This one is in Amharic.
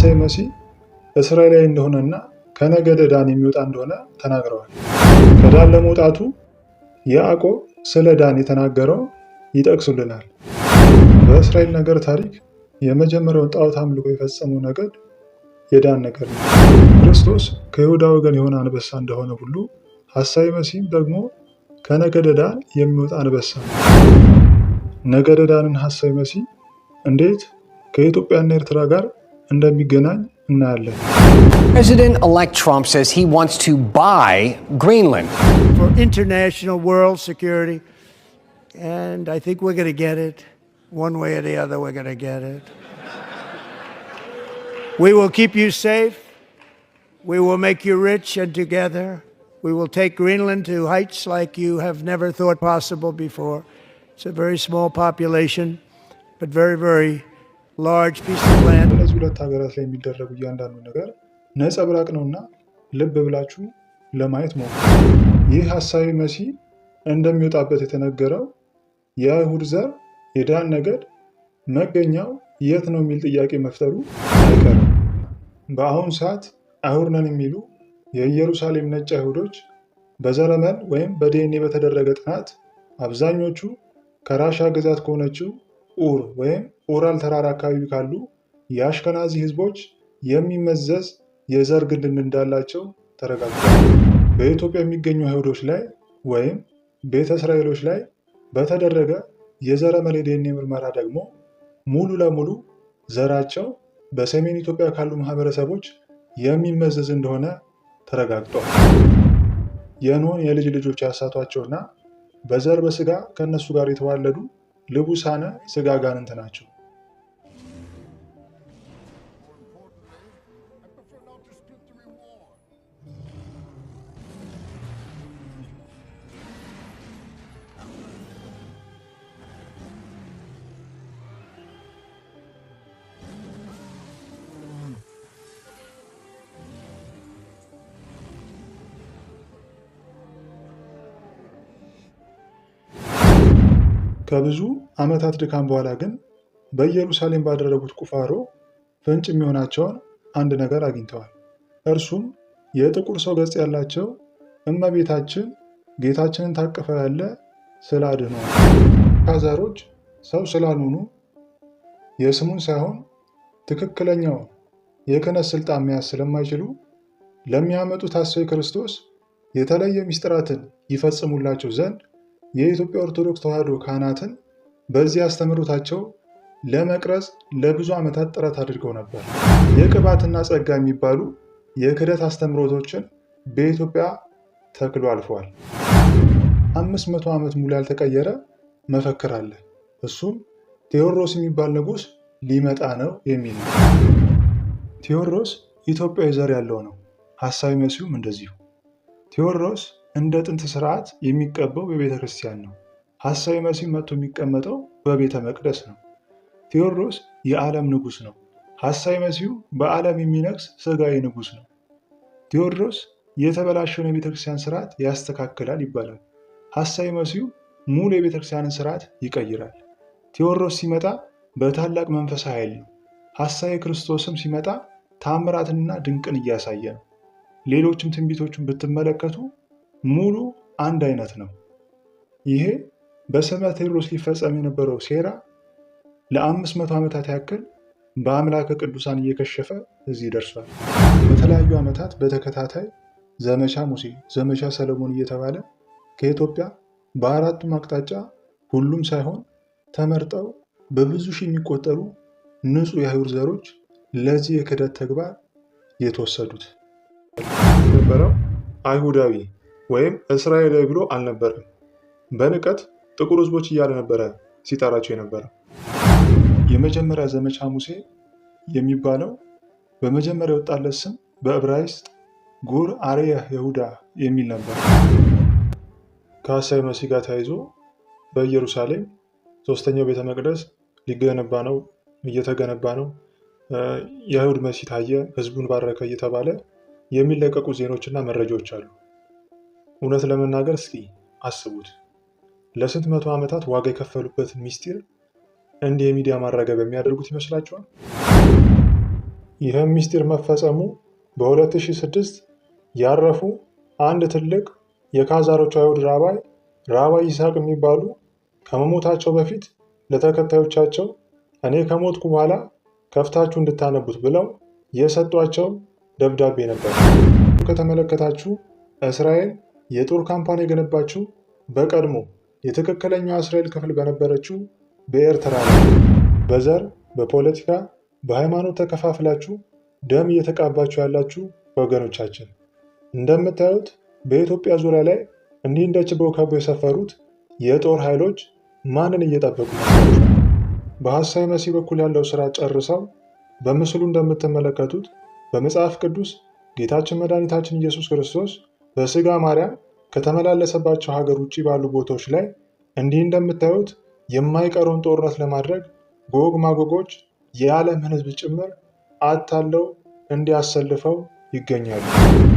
እሴይ መሲህ እስራኤላዊ እንደሆነና ከነገደ ዳን የሚወጣ እንደሆነ ተናግረዋል። ከዳን ለመውጣቱ ያዕቆብ ስለ ዳን የተናገረው ይጠቅሱልናል። በእስራኤል ነገር ታሪክ የመጀመሪያውን ጣዖት አምልኮ የፈጸመው ነገድ የዳን ነገር ነው። ክርስቶስ ከይሁዳ ወገን የሆነ አንበሳ እንደሆነ ሁሉ ሐሳዊ መሲህም ደግሞ ከነገደ ዳን የሚወጣ አንበሳ ነው። ነገደ ዳንን ሐሳዊ መሲህ እንዴት ከኢትዮጵያና ኤርትራ ጋር እንደሚገናኝ እናያለን። President-elect Trump says he wants to buy Greenland. For international world security, and I think we're going to get it. One way or the other, we're going to get it. We will keep you safe. We will make you rich, and together we will take Greenland to heights like you have never thought possible before. It's a very small population, but very, very large piece of land. ሁለት ሀገራት ላይ የሚደረጉ እያንዳንዱ ነገር ነጸብራቅ ነውና ልብ ብላችሁ ለማየት ሞክሩ። ይህ ሀሳቢ መሲ እንደሚወጣበት የተነገረው የአይሁድ ዘር የዳን ነገድ መገኛው የት ነው የሚል ጥያቄ መፍጠሩ አይቀርም። በአሁኑ ሰዓት አይሁድ ነን የሚሉ የኢየሩሳሌም ነጭ አይሁዶች በዘረመን ወይም በዲኤንኤ በተደረገ ጥናት አብዛኞቹ ከራሻ ግዛት ከሆነችው ኡር ወይም ኡራል ተራራ አካባቢ ካሉ የአሽከናዚ ህዝቦች የሚመዘዝ የዘር ግንድን እንዳላቸው ተረጋግጧል። በኢትዮጵያ የሚገኙ አይሁዶች ላይ ወይም ቤተ እስራኤሎች ላይ በተደረገ የዘረመል ዲኤንኤ ምርመራ ደግሞ ሙሉ ለሙሉ ዘራቸው በሰሜን ኢትዮጵያ ካሉ ማህበረሰቦች የሚመዘዝ እንደሆነ ተረጋግጧል። የኖህን የልጅ ልጆች ያሳቷቸውና በዘር በስጋ ከእነሱ ጋር የተዋለዱ ልቡሳነ ስጋ ጋንንት ናቸው። ከብዙ ዓመታት ድካም በኋላ ግን በኢየሩሳሌም ባደረጉት ቁፋሮ ፍንጭ የሚሆናቸውን አንድ ነገር አግኝተዋል። እርሱም የጥቁር ሰው ገጽ ያላቸው እመቤታችን ጌታችንን ታቅፈ ያለ ስለ አድኖ ካዛሮች ሰው ስላልሆኑ የስሙን ሳይሆን ትክክለኛውን የክህነት ስልጣን መያዝ ስለማይችሉ ለሚያመጡት ሐሳዊ ክርስቶስ የተለየ ሚስጥራትን ይፈጽሙላቸው ዘንድ የኢትዮጵያ ኦርቶዶክስ ተዋሕዶ ካህናትን በዚህ አስተምህሮታቸው ለመቅረጽ ለብዙ ዓመታት ጥረት አድርገው ነበር። የቅባትና ጸጋ የሚባሉ የክደት አስተምህሮቶችን በኢትዮጵያ ተክሎ አልፈዋል። አምስት መቶ ዓመት ሙሉ ያልተቀየረ መፈክር አለ። እሱም ቴዎድሮስ የሚባል ንጉሥ ሊመጣ ነው የሚል ነው። ቴዎድሮስ ኢትዮጵያዊ ዘር ያለው ነው። ሐሳዊ መሲሁም እንደዚሁ ቴዎድሮስ እንደ ጥንት ስርዓት የሚቀበው በቤተ ክርስቲያን ነው። ሐሳዊ መሲህ መጥቶ የሚቀመጠው በቤተ መቅደስ ነው። ቴዎድሮስ የዓለም ንጉሥ ነው። ሐሳዊ መሲሁ በዓለም የሚነግስ ሥጋዊ ንጉሥ ነው። ቴዎድሮስ የተበላሸውን የቤተ ክርስቲያን ስርዓት ያስተካክላል ይባላል። ሐሳዊ መሲሁ ሙሉ የቤተ ክርስቲያንን ስርዓት ይቀይራል። ቴዎድሮስ ሲመጣ በታላቅ መንፈሳዊ ኃይል ነው። ሐሳዊ ክርስቶስም ሲመጣ ታምራትንና ድንቅን እያሳየ ነው። ሌሎችም ትንቢቶችን ብትመለከቱ ሙሉ አንድ አይነት ነው። ይሄ በስመ ቴድሮስ ሊፈጸም የነበረው ሴራ ለአምስት መቶ ዓመታት ያክል በአምላከ ቅዱሳን እየከሸፈ እዚህ ደርሷል። በተለያዩ ዓመታት በተከታታይ ዘመቻ ሙሴ፣ ዘመቻ ሰለሞን እየተባለ ከኢትዮጵያ በአራቱም አቅጣጫ ሁሉም ሳይሆን ተመርጠው በብዙ ሺህ የሚቆጠሩ ንጹህ የአይሁድ ዘሮች ለዚህ የክደት ተግባር የተወሰዱት የነበረው አይሁዳዊ ወይም እስራኤላዊ ብሎ አልነበረም። በንቀት ጥቁር ህዝቦች እያለ ነበረ ሲጠራቸው የነበረ። የመጀመሪያ ዘመቻ ሙሴ የሚባለው በመጀመሪያ የወጣለት ስም በዕብራይስጥ ጉር አርየህ የሁዳ የሚል ነበር። ከሐሳዊ መሲህ ጋር ተያይዞ በኢየሩሳሌም ሶስተኛው ቤተ መቅደስ ሊገነባ ነው፣ እየተገነባ ነው፣ የአይሁድ መሲህ ታየ፣ ህዝቡን ባረከ እየተባለ የሚለቀቁ ዜኖችና መረጃዎች አሉ። እውነት ለመናገር እስኪ አስቡት ለስንት መቶ ዓመታት ዋጋ የከፈሉበትን ሚስጢር እንዲህ የሚዲያ ማራገብ የሚያደርጉት ይመስላችኋል? ይህም ሚስጢር መፈጸሙ በ2006 ያረፉ አንድ ትልቅ የካዛሮቹ አይሁድ ራባይ ራባይ ይስሐቅ የሚባሉ ከመሞታቸው በፊት ለተከታዮቻቸው እኔ ከሞትኩ በኋላ ከፍታችሁ እንድታነቡት ብለው የሰጧቸው ደብዳቤ ነበር። ከተመለከታችሁ እስራኤል የጦር ካምፓን የገነባችው በቀድሞ የትክክለኛው እስራኤል ክፍል በነበረችው በኤርትራ ነው። በዘር በፖለቲካ በሃይማኖት ተከፋፍላችሁ ደም እየተቃባችሁ ያላችሁ ወገኖቻችን እንደምታዩት በኢትዮጵያ ዙሪያ ላይ እንዲህ እንደ ችቦ ከቦ የሰፈሩት የጦር ኃይሎች ማንን እየጠበቁ ነው? በሐሳዊ መሲህ በኩል ያለው ስራ ጨርሰው በምስሉ እንደምትመለከቱት በመጽሐፍ ቅዱስ ጌታችን መድኃኒታችን ኢየሱስ ክርስቶስ በስጋ ማርያም ከተመላለሰባቸው ሀገር ውጭ ባሉ ቦታዎች ላይ እንዲህ እንደምታዩት የማይቀረውን ጦርነት ለማድረግ ጎግ ማጎጎች የዓለምን ሕዝብ ጭምር አታለው እንዲያሰልፈው ይገኛሉ።